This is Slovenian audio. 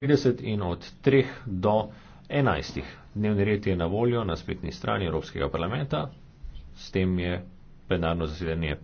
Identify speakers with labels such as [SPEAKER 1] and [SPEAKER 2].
[SPEAKER 1] 30 in od 3 do 11. Dnevni red je na voljo na spletni strani Evropskega parlamenta, s tem je plenarno zasedanje